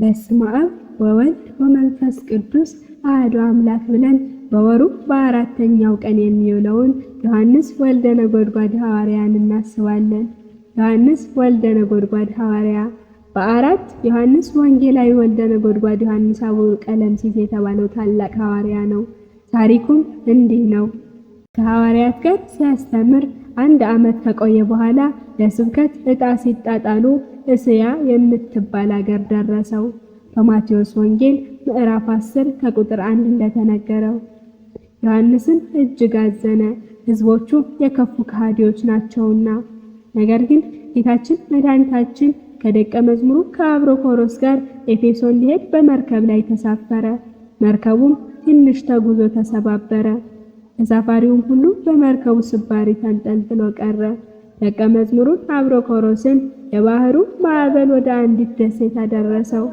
በስመ አብ ወወልድ ወመንፈስ ቅዱስ አሐዱ አምላክ ብለን በወሩ በአራተኛው ቀን የሚውለውን ዮሐንስ ወልደ ነጎድጓድ ሐዋርያን እናስባለን። ዮሐንስ ወልደ ነጎድጓድ ሐዋርያ በአራት ዮሐንስ ወንጌላዊ ወልደ ነጎድጓድ ዮሐንስ አቡ ቀለምሲስ የተባለው ታላቅ ሐዋርያ ነው። ታሪኩም እንዲህ ነው። ከሐዋርያት ጋር ሲያስተምር አንድ ዓመት ከቆየ በኋላ ለስብከት ዕጣ ሲጣጣሉ እስያ የምትባል አገር ደረሰው። በማቴዎስ ወንጌል ምዕራፍ 10 ከቁጥር 1 እንደተነገረው ዮሐንስም እጅግ አዘነ፣ ሕዝቦቹ የከፉ ከሃዲዎች ናቸውና። ነገር ግን ጌታችን መድኃኒታችን ከደቀ መዝሙሩ ከአብሮኮሮስ ጋር ኤፌሶን ሊሄድ በመርከብ ላይ ተሳፈረ። መርከቡም ትንሽ ተጉዞ ተሰባበረ። ተሳፋሪውም ሁሉ በመርከቡ ስባሪ ተንጠልጥሎ ቀረ። ደቀ መዝሙሩን አብሮኮሮስን የባህሩ ማዕበል ወደ አንዲት ደሴት አደረሰው።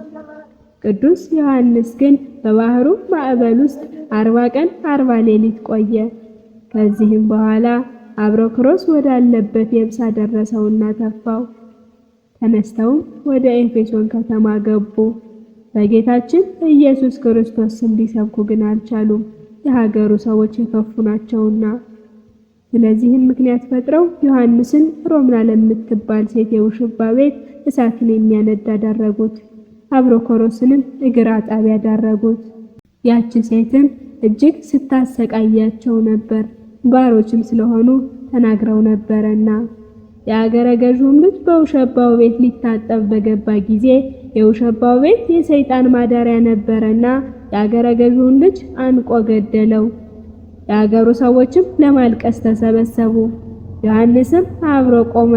ቅዱስ ዮሐንስ ግን በባህሩ ማዕበል ውስጥ አርባ ቀን አርባ ሌሊት ቆየ። ከዚህም በኋላ አብሮክሮስ ወዳለበት የብሳ ደረሰውና ተፋው። ተነስተውም ወደ ኤፌሶን ከተማ ገቡ። በጌታችን ኢየሱስ ክርስቶስ ስም ሊሰብኩ ግን አልቻሉም። የሀገሩ ሰዎች የከፉ ናቸውና። ስለዚህም ምክንያት ፈጥረው ዮሐንስን ሮምና ለምትባል ሴት የውሽባ ቤት እሳትን የሚያነድ አደረጉት። አብሮኮሮስንም እግር አጣቢያ አደረጉት። ያቺ ሴትም እጅግ ስታሰቃያቸው ነበር፣ ባሮችም ስለሆኑ ተናግረው ነበረና የአገረ ገዥውም ልጅ በውሸባው ቤት ሊታጠብ በገባ ጊዜ የውሸባው ቤት የሰይጣን ማደሪያ ነበረና የአገረ ገዥውን ልጅ አንቆ ገደለው። የአገሩ ሰዎችም ለማልቀስ ተሰበሰቡ። ዮሐንስም አብሮ ቆመ።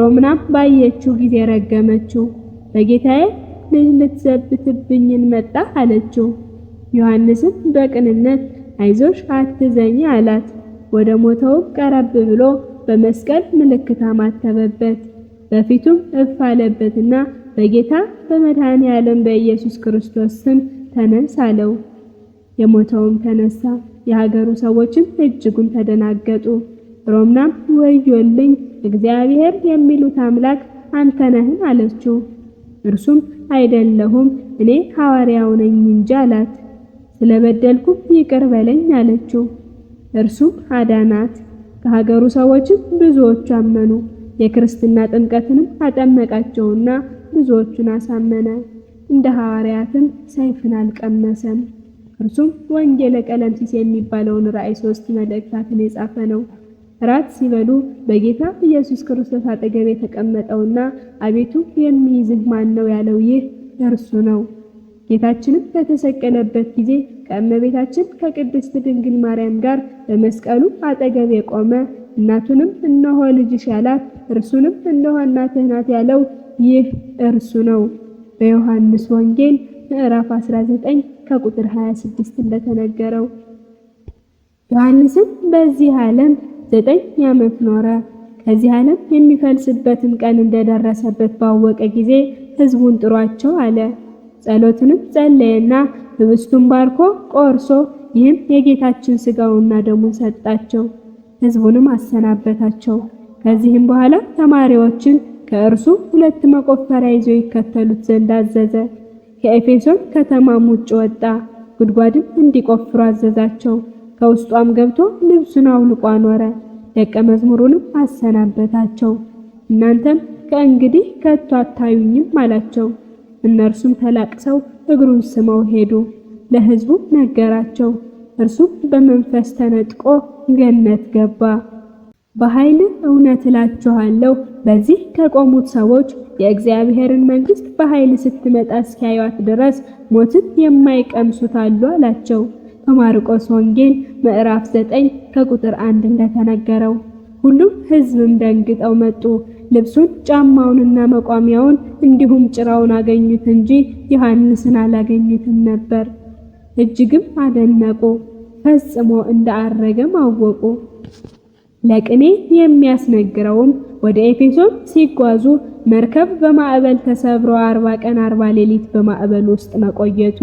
ሮምናም ባየችው ጊዜ ረገመችው። በጌታዬ ልጅ ልትዘብትብኝን መጣ አለችው። ዮሐንስም በቅንነት አይዞሽ አትዘኝ አላት። ወደ ሞተውም ቀረብ ብሎ በመስቀል ምልክት አማተበበት። በፊቱም እፍ አለበትና በጌታ በመድኃኔ ዓለም በኢየሱስ ክርስቶስ ስም ተነስ አለው። የሞተውም ተነሳ። የሀገሩ ሰዎችም እጅጉን ተደናገጡ። ሮምናም ወዮልኝ እግዚአብሔር የሚሉት አምላክ አንተ ነህን አለችው። እርሱም አይደለሁም እኔ ሐዋርያው ነኝ እንጂ አላት። ስለበደልኩም ይቅር በለኝ አለችው። እርሱም አዳናት። ከሀገሩ ሰዎችም ብዙዎቹ አመኑ። የክርስትና ጥምቀትንም አጠመቃቸውና ብዙዎቹን አሳመነ። እንደ ሐዋርያትም ሰይፍን አልቀመሰም። እርሱም ወንጌለ ቀለምሲስ የሚባለውን ራእይ ሶስት መልእክታትን የጻፈ ነው። ራት ሲበሉ በጌታ ኢየሱስ ክርስቶስ አጠገብ የተቀመጠውና አቤቱ የሚይዝህ ማን ነው ያለው ይህ እርሱ ነው። ጌታችንም በተሰቀለበት ጊዜ ከእመቤታችን ከቅድስት ድንግል ማርያም ጋር በመስቀሉ አጠገብ የቆመ እናቱንም እነሆ ልጅሽ ያላት እርሱንም እነሆ እናትህ ናት ያለው ይህ እርሱ ነው። በዮሐንስ ወንጌል ምዕራፍ 19 ከቁጥር 26 እንደተነገረው ዮሐንስም በዚህ ዓለም ዘጠኝ ዓመት ኖረ። ከዚህ ዓለም የሚፈልስበትም ቀን እንደደረሰበት ባወቀ ጊዜ ሕዝቡን ጥሯቸው አለ። ጸሎትንም ጸለየና ህብስቱን ባርኮ ቆርሶ ይህም የጌታችን ስጋውና ደሙ ሰጣቸው። ህዝቡንም አሰናበታቸው። ከዚህም በኋላ ተማሪዎችን ከእርሱ ሁለት መቆፈሪያ ይዘው ይከተሉት ዘንድ አዘዘ። ከኤፌሶን ከተማም ውጭ ወጣ፣ ጉድጓድም እንዲቆፍሩ አዘዛቸው። ከውስጧም ገብቶ ልብሱን አውልቆ አኖረ። ደቀ መዝሙሩንም አሰናበታቸው። እናንተም ከእንግዲህ ከቶ አታዩኝም አላቸው። እነርሱም ተላቅሰው እግሩን ስመው ሄዱ። ለሕዝቡ ነገራቸው። እርሱም በመንፈስ ተነጥቆ ገነት ገባ። በኃይል እውነት እላችኋለሁ በዚህ ከቆሙት ሰዎች የእግዚአብሔርን መንግሥት በኃይል ስትመጣ እስኪያዩት ድረስ ሞትን የማይቀምሱት አሉ አላቸው። በማርቆስ ወንጌል ምዕራፍ 9 ከቁጥር 1 እንደተነገረው ሁሉም ሕዝብም ደንግጠው መጡ። ልብሱን ጫማውንና መቋሚያውን እንዲሁም ጭራውን አገኙት እንጂ ዮሐንስን አላገኙትም ነበር። እጅግም አደነቁ፣ ፈጽሞ እንዳአረገም አወቁ። ለቅኔ የሚያስነግረውም ወደ ኤፌሶን ሲጓዙ መርከብ በማዕበል ተሰብሮ አርባ ቀን አርባ ሌሊት በማዕበል ውስጥ መቆየቱ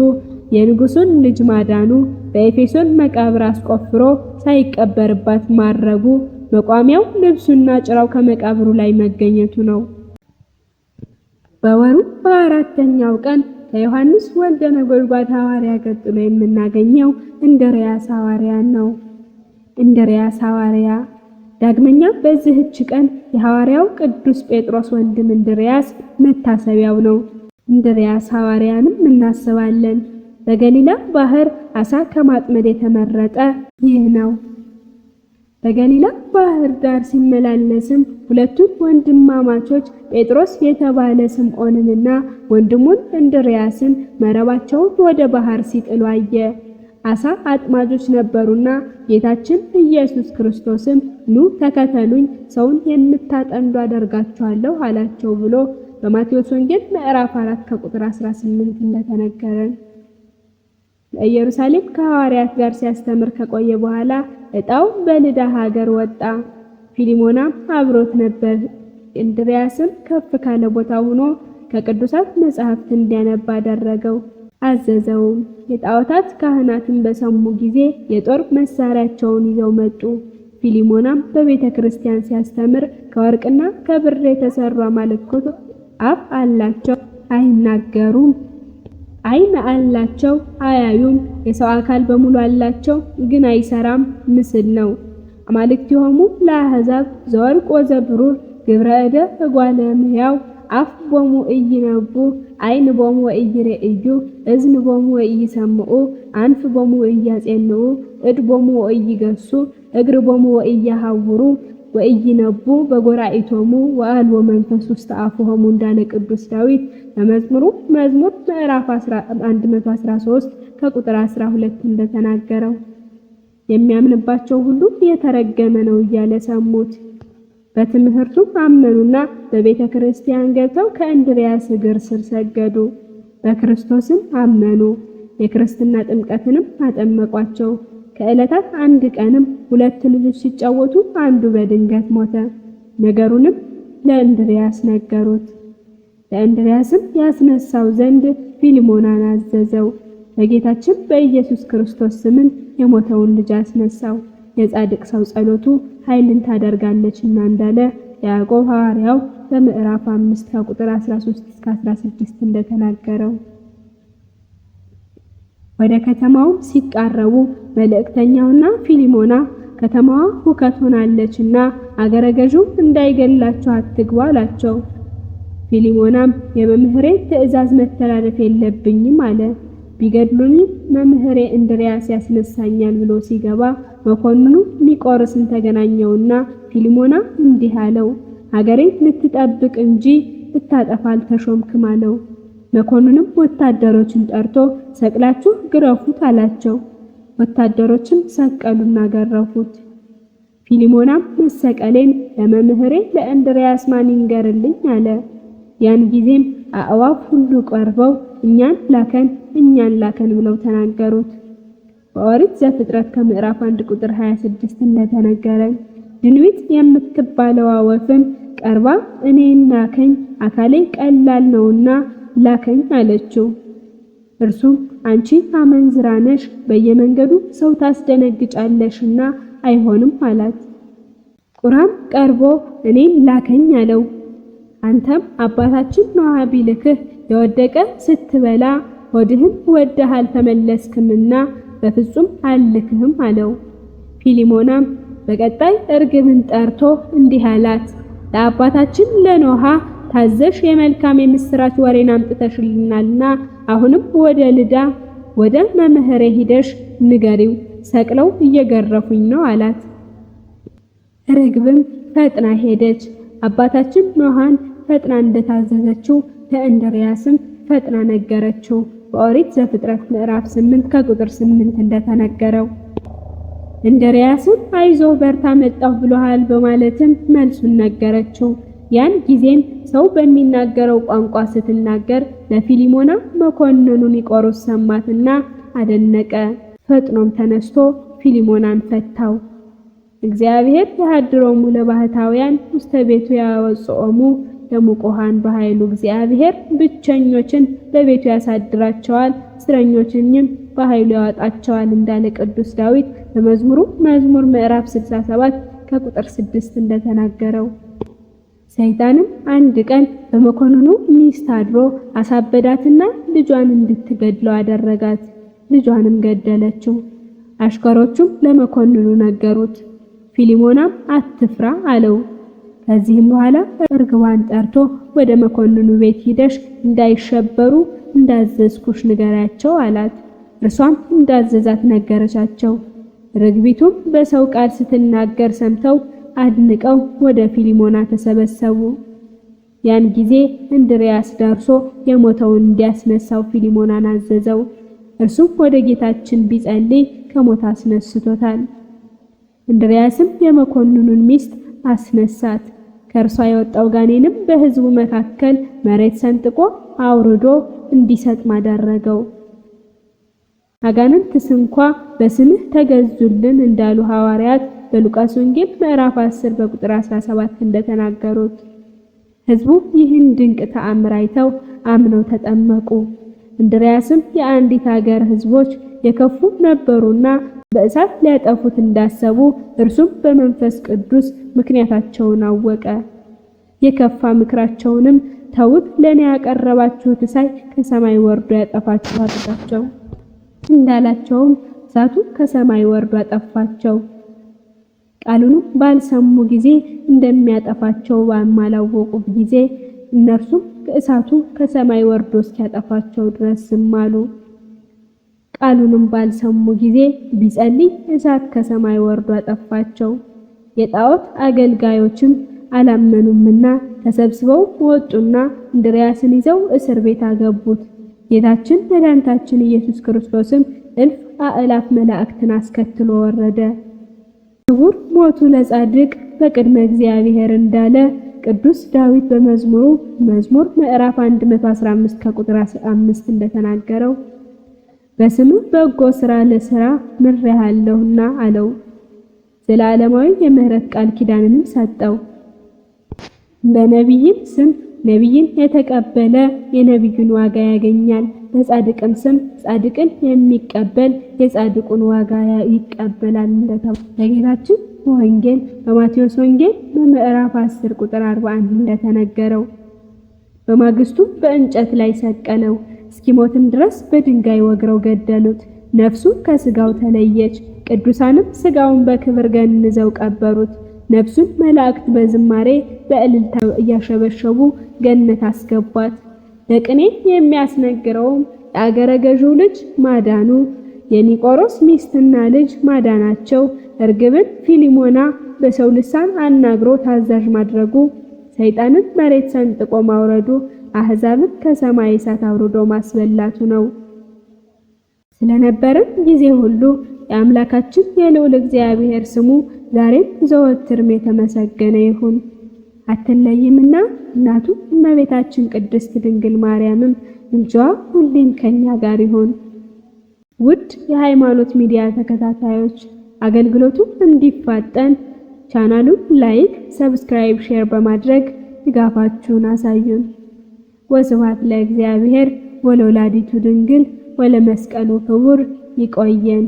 የንጉሱን ልጅ ማዳኑ በኤፌሶን መቃብር አስቆፍሮ ሳይቀበርባት ማረጉ መቋሚያው ልብሱና ጭራው ከመቃብሩ ላይ መገኘቱ ነው። በወሩ በአራተኛው ቀን ከዮሐንስ ወልደ ነጎድጓድ ሐዋርያ ቀጥሎ የምናገኘው እንድርያስ ሐዋርያ ነው። እንድርያስ ሐዋርያ ዳግመኛ በዚህች ቀን የሐዋርያው ቅዱስ ጴጥሮስ ወንድም እንድርያስ መታሰቢያው ነው። እንድርያስ ሐዋርያንም እናስባለን። በገሊላ ባህር አሳ ከማጥመድ የተመረጠ ይህ ነው። በገሊላ ባህር ዳር ሲመላለስም ሁለቱን ወንድማማቾች ጴጥሮስ የተባለ ስምዖንንና ወንድሙን እንድርያስን መረባቸውን ወደ ባህር ሲጥሉ አየ። አሳ አጥማጆች ነበሩና ጌታችን ኢየሱስ ክርስቶስም ኑ ተከተሉኝ፣ ሰውን የምታጠምዱ አደርጋችኋለሁ አላቸው ብሎ በማቴዎስ ወንጌል ምዕራፍ 4 ከቁጥር 18 እንደተነገረን ለኢየሩሳሌም ከሐዋርያት ጋር ሲያስተምር ከቆየ በኋላ ዕጣው በልዳ ሀገር ወጣ። ፊሊሞናም አብሮት ነበር። እንድሪያስም ከፍ ካለ ቦታ ሆኖ ከቅዱሳት መጽሐፍት እንዲያነባ አደረገው አዘዘውም። የጣዖታት ካህናትን በሰሙ ጊዜ የጦር መሳሪያቸውን ይዘው መጡ። ፊሊሞናም በቤተ ክርስቲያን ሲያስተምር ከወርቅና ከብር የተሰሩ አማልክት አፍ አላቸው፣ አይናገሩም አይን አላቸው አያዩም። የሰው አካል በሙሉ አላቸው ግን አይሰራም፣ ምስል ነው። አማልክቲሆሙ ለአሕዛብ ዘወርቅ ወዘብሩር ግብረ እደ እጓለ እምሕያው አፍ ቦሙ እይነቡ አይን ቦሙ ወኢይሬእዩ እዝን ቦሙ ወኢይሰምዑ አንፍ ቦሙ ወኢያጼንዑ እድ ቦሙ እይገሱ እግር ቦሙ ወኢያሃውሩ ወኢይነቡ በጎራኢቶሙ ወአልቦ መንፈስ ውስተ አፉሆሙ እንዳለ ቅዱስ ዳዊት በመዝሙሩ መዝሙር ምዕራፍ 113 ከቁጥር 12 እንደተናገረው የሚያምንባቸው ሁሉ የተረገመ ነው እያለ ሰሙት። በትምህርቱ አመኑና በቤተ ክርስቲያን ገብተው ከእንድሪያስ እግር ስር ሰገዱ። በክርስቶስም አመኑ። የክርስትና ጥምቀትንም አጠመቋቸው። ከዕለታት አንድ ቀንም ሁለት ልጆች ሲጫወቱ አንዱ በድንገት ሞተ። ነገሩንም ለእንድሪያስ ነገሩት። ለእንድሪያስም ያስነሳው ዘንድ ፊልሞናን አዘዘው። በጌታችን በኢየሱስ ክርስቶስ ስምን የሞተውን ልጅ አስነሳው። የጻድቅ ሰው ጸሎቱ ኃይልን ታደርጋለችና እንዳለ ያዕቆብ ሐዋርያው በምዕራፍ 5 ከቁጥር 13 እስከ 16 እንደተናገረው ወደ ከተማውም ሲቃረቡ መልእክተኛውና ፊሊሞና ከተማዋ ሁከት ሆናለችና አገረ እንዳይገላቸው እንዳይገላችሁ አትግቡ አላቸው። ፊሊሞናም የመምህሬ ትእዛዝ መተላለፍ የለብኝም አለ። ቢገድሉኝም መምህሬ እንድሪያስ ያስነሳኛል ብሎ ሲገባ መኮንኑ ኒቆርስን ተገናኘውና ፊሊሞና እንዲህ አለው፣ ሀገሬን ልትጠብቅ እንጂ ልታጠፋ አልተሾምክም አለው። መኮንንም ወታደሮችን ጠርቶ ሰቅላችሁ ግረፉት አላቸው። ወታደሮችም ሰቀሉና ገረፉት። ፊሊሞናም መሰቀሌን ለመምህሬ ለእንድሪያስ ማን ይንገርልኝ አለ። ያን ጊዜም አእዋፍ ሁሉ ቀርበው እኛን ላከን እኛን ላከን ብለው ተናገሩት። በኦሪት ዘፍጥረት ከምዕራፍ 1 ቁጥር 26 እንደተነገረን ድንዊት የምትባለዋ ወፍም ቀርባ እኔን ላከኝ አካሌ ቀላል ነውና ላከኝ አለችው። እርሱም አንቺ አመንዝራ ነሽ፣ በየመንገዱ ሰው ታስደነግጫለሽና አይሆንም አላት። ቁራም ቀርቦ እኔን ላከኝ አለው። አንተም አባታችን ኖሃ ቢልክህ የወደቀ ስትበላ ሆድህን ወደህ አልተመለስክምና በፍጹም አልልክህም አለው። ፊሊሞናም በቀጣይ እርግብን ጠርቶ እንዲህ አላት፣ ለአባታችን ለኖሃ ታዘሽ የመልካም የምስራች ወሬን አምጥተሽልናልና አሁንም ወደ ልዳ ወደ መምህሬ ሂደሽ ንገሪው፣ ሰቅለው እየገረፉኝ ነው አላት። ርግብም ፈጥና ሄደች። አባታችን ኖሃን ፈጥና እንደታዘዘችው ለእንድርያስም ፈጥና ነገረችው። በኦሪት ዘፍጥረት ምዕራፍ 8 ከቁጥር 8 እንደተነገረው እንድርያስም አይዞ በርታ መጣሁ ብሎሃል በማለትም መልሱን ነገረችው። ያን ጊዜም ሰው በሚናገረው ቋንቋ ስትናገር ለፊሊሞና መኮንኑን ኒቆሮስ ሰማትና አደነቀ። ፈጥኖም ተነስቶ ፊሊሞናን ፈታው። እግዚአብሔር የሃድሮሙ ለባህታውያን ውስተ ቤቱ ያወጽኦሙ ለሙቆሃን በኃይሉ እግዚአብሔር ብቸኞችን በቤቱ ያሳድራቸዋል፣ እስረኞችንም በኃይሉ ያወጣቸዋል እንዳለ ቅዱስ ዳዊት በመዝሙሩ መዝሙር ምዕራፍ 67 ከቁጥር 6 እንደተናገረው ሰይጣንም አንድ ቀን በመኮንኑ ሚስት አድሮ አሳበዳትና ልጇን እንድትገድለው አደረጋት። ልጇንም ገደለችው። አሽከሮቹም ለመኮንኑ ነገሩት። ፊሊሞናም አትፍራ አለው። ከዚህም በኋላ እርግቧን ጠርቶ ወደ መኮንኑ ቤት ሂደሽ እንዳይሸበሩ እንዳዘዝኩሽ ንገራቸው አላት። እርሷም እንዳዘዛት ነገረቻቸው። ርግቢቱም በሰው ቃል ስትናገር ሰምተው አድንቀው ወደ ፊሊሞና ተሰበሰቡ። ያን ጊዜ እንድሪያስ ደርሶ የሞተውን እንዲያስነሳው ፊሊሞናን አዘዘው። እርሱም ወደ ጌታችን ቢጸልይ ከሞት አስነስቶታል። እንድሪያስም የመኮንኑን ሚስት አስነሳት። ከእርሷ የወጣው ጋኔንም በሕዝቡ መካከል መሬት ሰንጥቆ አውርዶ እንዲሰጥም አደረገው። አጋንንትስ ስንኳ በስምህ ተገዙልን እንዳሉ ሐዋርያት በሉቃስ ወንጌል ምዕራፍ 10 በቁጥር 17 እንደተናገሩት ሕዝቡ ይህን ድንቅ ተአምር አይተው አምነው ተጠመቁ። እንድርያስም የአንዲት ሀገር ሕዝቦች የከፉ ነበሩና በእሳት ሊያጠፉት እንዳሰቡ እርሱም በመንፈስ ቅዱስ ምክንያታቸውን አወቀ። የከፋ ምክራቸውንም ተውት፣ ለእኔ ያቀረባችሁት እሳይ ከሰማይ ወርዶ ያጠፋችኋል አላቸው። እንዳላቸውም እሳቱ ከሰማይ ወርዶ አጠፋቸው። ቃሉን ባልሰሙ ጊዜ እንደሚያጠፋቸው ባማላወቁ ጊዜ እነርሱም ከእሳቱ ከሰማይ ወርዶ እስኪያጠፋቸው ድረስ ዝም አሉ። ቃሉንም ባልሰሙ ጊዜ ቢጸልይ እሳት ከሰማይ ወርዶ አጠፋቸው። የጣዖት አገልጋዮችም አላመኑምና ተሰብስበው ወጡና እንድርያስን ይዘው እስር ቤት አገቡት። ጌታችን መድኃኒታችን ኢየሱስ ክርስቶስም እልፍ አእላፍ መላእክትን አስከትሎ ወረደ። ክቡር ሞቱ ለጻድቅ በቅድመ እግዚአብሔር እንዳለ ቅዱስ ዳዊት በመዝሙሩ መዝሙር ምዕራፍ 115 ከቁጥር 5 እንደተናገረው በስሙ በጎ ስራ ለስራ ምሬሃለሁና አለው። ዘላለማዊ የምህረት ቃል ኪዳንንም ሰጠው። በነቢይም ስም ነቢይን የተቀበለ የነቢዩን ዋጋ ያገኛል። በጻድቅም ስም ጻድቅን የሚቀበል የጻድቁን ዋጋ ይቀበላል እንደተባለ በጌታችን ወንጌል በማቴዎስ ወንጌል በምዕራፍ 10 ቁጥር 41 እንደተነገረው በማግስቱ በእንጨት ላይ ሰቀለው። እስኪሞትም ድረስ በድንጋይ ወግረው ገደሉት። ነፍሱ ከስጋው ተለየች። ቅዱሳንም ስጋውን በክብር ገንዘው ቀበሩት። ነፍሱን መላእክት በዝማሬ በእልልታ እያሸበሸቡ ገነት አስገቧት። ለቅኔ የሚያስነግረውም የአገረ ገዢው ልጅ ማዳኑ የኒቆሮስ ሚስትና ልጅ ማዳናቸው፣ እርግብን ፊሊሞና በሰው ልሳን አናግሮ ታዛዥ ማድረጉ፣ ሰይጣንን መሬት ሰንጥቆ ማውረዱ፣ አህዛብን ከሰማይ እሳት አውርዶ ማስበላቱ ነው። ስለነበረን ጊዜ ሁሉ የአምላካችን የልዑል እግዚአብሔር ስሙ ዛሬም ዘወትርም የተመሰገነ ይሁን። አትለይምና እናቱ እመቤታችን ቅድስት ድንግል ማርያምም ምልጃዋ ሁሌም ከኛ ጋር ይሁን። ውድ የሃይማኖት ሚዲያ ተከታታዮች አገልግሎቱ እንዲፋጠን ቻናሉን ላይክ፣ ሰብስክራይብ፣ ሼር በማድረግ ድጋፋችሁን አሳዩን። ወስብሐት ለእግዚአብሔር ወለወላዲቱ ድንግል ወለመስቀሉ ክቡር። ይቆየን።